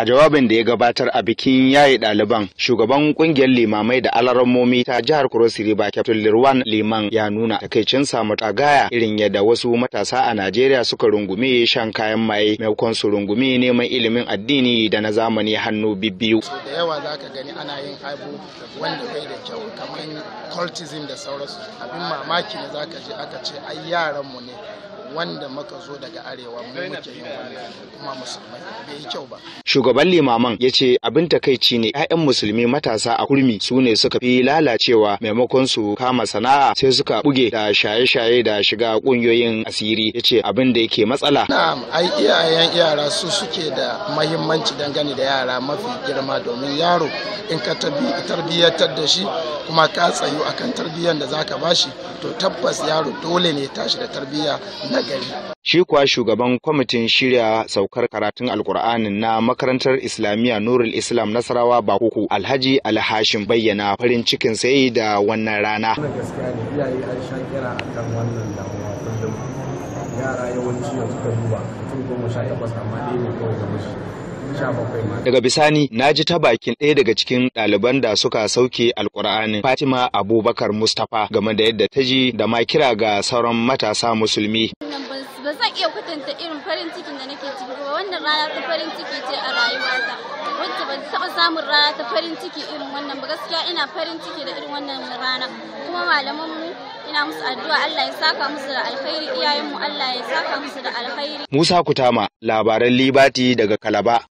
A jawabin da ya gabatar a bikin yaye ɗaliban, shugaban ƙungiyar limamai da alarammomi ta jihar Cross River Captain Lirwan Liman ya nuna takaicin samu tagaya irin yadda wasu matasa a Najeriya suka rungume shan kayan maye maimakon su rungume neman ilimin addini da na zamani hannu bibbiyu. Da yawa za ka gani ana yin abu wanda bai da kyau kamar cultism da sauransu abin mamaki ne za ka je aka ce ai yaranmu ne wanda muka zo daga arewa mu muke yin wannan kuma musulmai bai yi kyau ba shugaban limaman ya ce abin takaici ne 'ya'yan musulmi matasa a kurmi su ne suka fi lalacewa maimakon su kama sana'a sai suka buge da shaye-shaye da shiga ƙungiyoyin asiri ya ce abin da yake matsala na'am ai iyayen yara su suke da mahimmanci dangane da yara mafi girma domin yaro in ka tarbiyyatar da shi kuma ka tsayu kan tarbiyyar da za zaka bashi to tabbas yaro dole ne tashi da tarbiyya na gari shi kuwa shugaban kwamitin shirya saukar karatun alkur'anin na makarantar islamiyya nurul islam nasarawa bakuku alhaji alhashin bayyana farin cikin sai da wannan rana yara yawanci yanzu ka duba tun goma sha takwas amma ɗaya ne kawai da mashi Daga bisani na ji ta bakin ɗaya daga cikin ɗaliban da suka sauke alƙur'anin Fatima Abubakar Mustapha game da yadda ta ji da ma kira ga sauran matasa musulmi. Ba zan iya kwatanta irin farin cikin da nake ciki ba wannan rana ta farin ciki ce a rayuwata wacce ban taɓa samun rana ta farin ciki irin wannan ba gaskiya ina farin ciki da irin wannan rana kuma mu ina musu addu'a Allah ya saka musu da alkhairi iyayenmu Allah ya saka musu da alkhairi. Musa Kutama labaran Libati daga Kalaba.